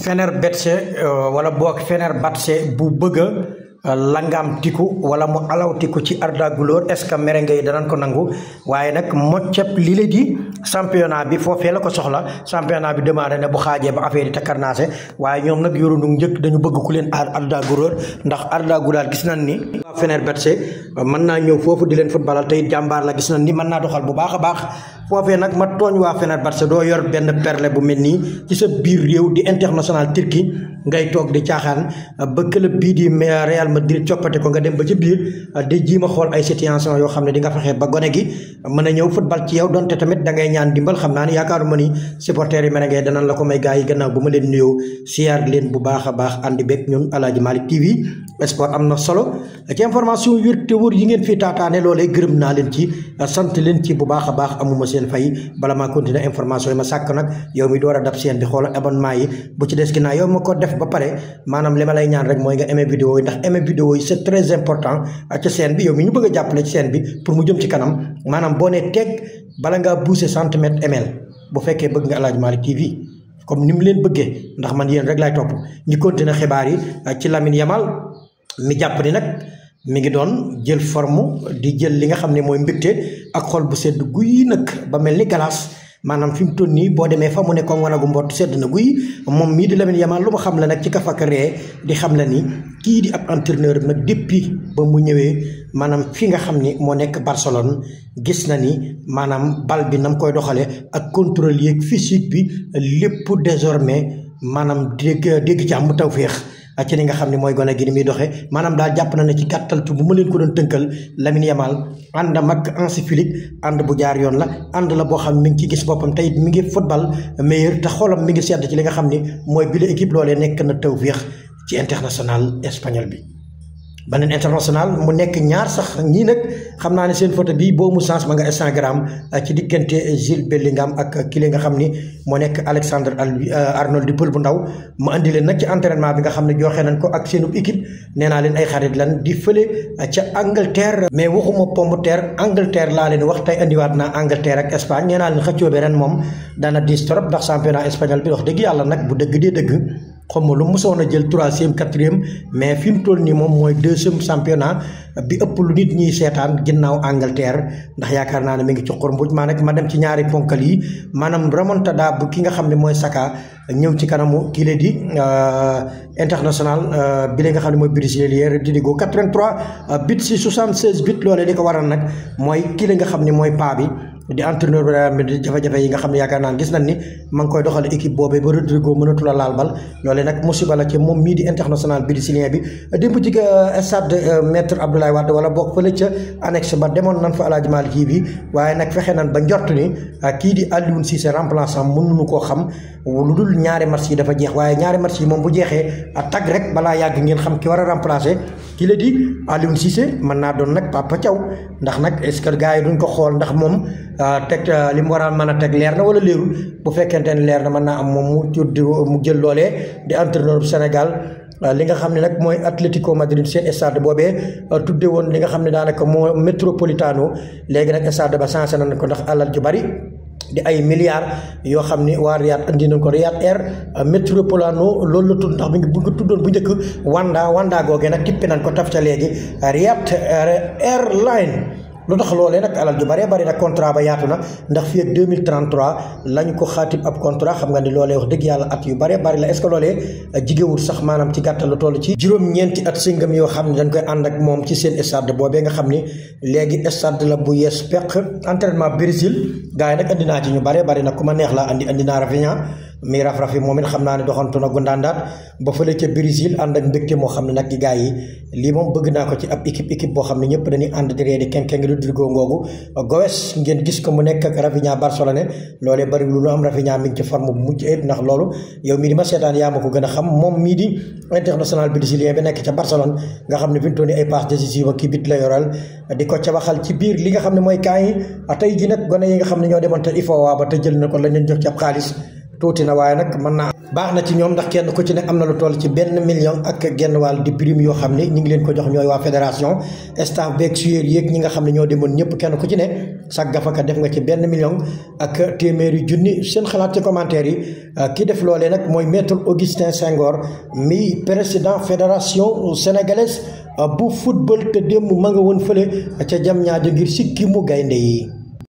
Fenerbahçe euh, wala boog Fenerbahçe bu bëgg a euh, langaam tiku wala mu alaw tiku ci Arda Güler est-ce que merengue yi danañ ko nangu waaye nag mocceb li la di championnat bi foo la ko soxla championnat bi demandé ne bu xaajee ba affaire yi takkarnaase waaye ñoom nag yoru nu njëkk dañu bëgg ku leen aar Arda Güler ndax Arda Güler gis nañ ni Fenerbahçe euh, mën naa ñëw foofu di leen footballal tey jàmbaar la gis nañ ni mën naa doxal bu baax a baax foofee nag ma tooñ waa Fenerbahçe doo yor benn perle bu mel nii ci sa biir réew di international turki ngay toog di caaxaan ba club bii di Real Madrid coppate ko nga dem ba ci biir di jiima xool yoo xam ne di nga ba gone gi mën a ñëw football ci yow donte tamit da ngay ñaan dimbal xam naa ne yaakaaruma ni supporters yi merengue danañ la ko may gars yi gannaaw bu ma leen nuyoo siyaar leen bu baax a baax àndi beeg ñun Aladji Malick TV sport am na solo ci information wér te wóor yi ngeen fii taataane loolee gërëm naa a seen fay bala maa continuer information ma sàkk nag yow mi door a dab seen bi xoolal abonnement yi bu ci des ginnaaw yow ma ko def ba pare maanaam li ma lay ñaan rek mooy nga aimer vidéo yi ndax aimer vidéo yi c'est très important ci seen bi yow mi ñu bëgg a jàppale ci seen bi pour bu fekkee bëgg nga Aladji Malick TV comme ni leen bëggee ndax man yéen rek laay topp ñu continuer xibaar yi ci Lamine Yamal mi jàpp ni nag mi ngi doon jël forme di jël li nga xam ne mooy mbégte ak xol bu sedd guy nag ba mel ni galaas maanaam fi mu toll nii boo demee fa mu ne ko gu mbott sedd na guy moom mii di Lamine Yamal lu ma xam la nag ci kafaka di xam la ni kii di ab bi nag depuis ba mu ñëwee maanaam fi nga xam ni moo nekk Barcelone gis na ni maanaam bal bi nam koy doxalee ak contrôle yeeg physique bi lépp désormais maanaam dégg mu taw tawféex ak ci li nga xam ne mooy gone gi ni muy doxee maanaam daal jàpp na ne ci gàttal tu bu ma leen ko doon tënkal Lamine Yamal ànd mag encyclique ànd bu jaar yoon la ànd la boo xam mi ngi ci gis boppam tey mi ngi football meilleur te xoolam mi ngi sedd ci li nga xam ni mooy bi la équipe loolee nekk na tawfeex ci international espagnol bi beneen international mu nekk ñaar sax ñii nag xam naa ne seen photo bi boo mu sens ma nga Instagram euh, ci diggante Jude Bellingham ak kii nga xam ni moo nekk Alexandre euh, Arnold di pël bu ndaw mu andi leen nag ci entraînement bi nga xam ne joxe nañ ko ak seenu équipe nee naa leen ay xarit lan di fële euh, ca Angleterre. mais waxuma pompe terre Angleterre laa leen wax tey andiwaat naa Angleterre ak Espagne nee naa leen xëccoo bi ren moom daana diis trop ndax championnat espagnol bi wax dëgg yàlla nag bu dëgg dee dëgg. xaw ma lu mosoon a jël troisième quatrième mais fi mu nii moom mooy deuxième championnat bi ëpp lu nit ñiy seetaan ginnaaw Angleterre ndax yaakaar naa ne mi ngi ci xormbuj maa nag ma dem ci ñaari ponkal yi maanaam remontada bu ki nga xam ne mooy Saka ñëw ci kanamu kii la di euh, international euh, bi la nga xam ne mooy brésilien Rodrigo 83 bit si 76 bit loole di ko waral nag mooy kii la nga xam ni mooy paa bi. di entraîneur bu Real Madrid yi nga xam ne yaakaar naan gis nañ ni ma ngi koy doxal équipe boobee ba Rodrigo mënatul a laal bal loolee nag musiba la ci moom mii di international brésilien bi démb ci metre euh, euh, maître Abdoulaye Wade wala boog fële ca annexe ba demoon nañ fa Aladji Malick yi bi waaye nag fexe nañ ba njort ni euh, kii di Aliou Cissé remplaçant mënuñu koo xam lu dul ñaari match yi dafa jeex waaye ñaari match yi moom bu jeexee tag rek balaa yàgg ngeen xam ki war a remplacer ki la di Aliou Cissé mën naa doon nag Papa Thiaw ndax est-ce que gars yi duñ ko xool ndax moom Ah, teg ah, li mu war a mën a teg leer na wala léerul bu fekkente ne leer na mën naa am moom mu tudd mu jël loole di entre bu Sénégal ah, li nga xam ne nag mooy Atlético Madrid seen stade boobee tudde woon li nga xam ne daanaka moo Metropolitano léegi nag stade ba na nañ ko ndax alal ju bari di ay milliards yoo xam ni waa Riyad andi nañ ko Riyad Air Metropolitano loolu la tudd ndax bi bu nga tuddoon bu njëkk Wanda wandaa googee nag tippi nañ ko taf ca léegi lu tax loolee nag alal ju bëree bëri nag contrat ba yaatu na ndax fii ak 2033 lañ ko xaati ab contrat xam nga ni loolee wax dëgg yàlla at yu bëree bëri la est ce que loolee jigéewul sax maanaam ci gàttal lu toll ci juróom-ñeenti at sëngam yoo xam ne dañ koy ànd ak moom ci seen stade boobee nga xam ni léegi stade la bu yees peq entraînement Brésil gars yi nag andi naa ci ñu bëree bëri na ku ma neex laa andi andi naa Rafinha mi raf raf moom it xam naa ne doxantu na gundaandaat ba fële ca Brésil ànd ak mbégte moo xam ne nag gars yi lii moom bëgg naa ko ci ab équipe équipe boo xam ne ñëpp dañuy ànd di mu nekk ak Rafinha Barcelone loolee bari lu am Rafinha mi ngi seetaan yaa ko gën a xam moom mii di international brésilien bi nekk ca Barcelone nga xam ne fi mu toll nii ay passe kii bit la yoral di ko ca waxal ci biir li nga xam ne mooy kaa yi ah, tey ji nag gone yi nga xam ne ñoo demoon te ifoowa ba te jël na ko lañ leen jox ci ab tuuti na waaye nag mën naa baax na ci ñoom ndax kenn ku ci ne am na lu toll ci benn million ak genn wàll di prime yoo xam ne ñi ngi leen ko jox ñooy waa fédération staff beeg suyéer yéeg ñi nga xam ne ñoo demoon ñëpp kenn ku ci ne sa gafaka def nga ci benn million ak téeméeri junni seen xalaat ci commentaire yi euh, ki def loole nag mooy maître Augustin Senghor mi président fédération sénégalaise euh, bu football te démb ma nga woon fële ca jam ñaajo ngir si mu gaynde yi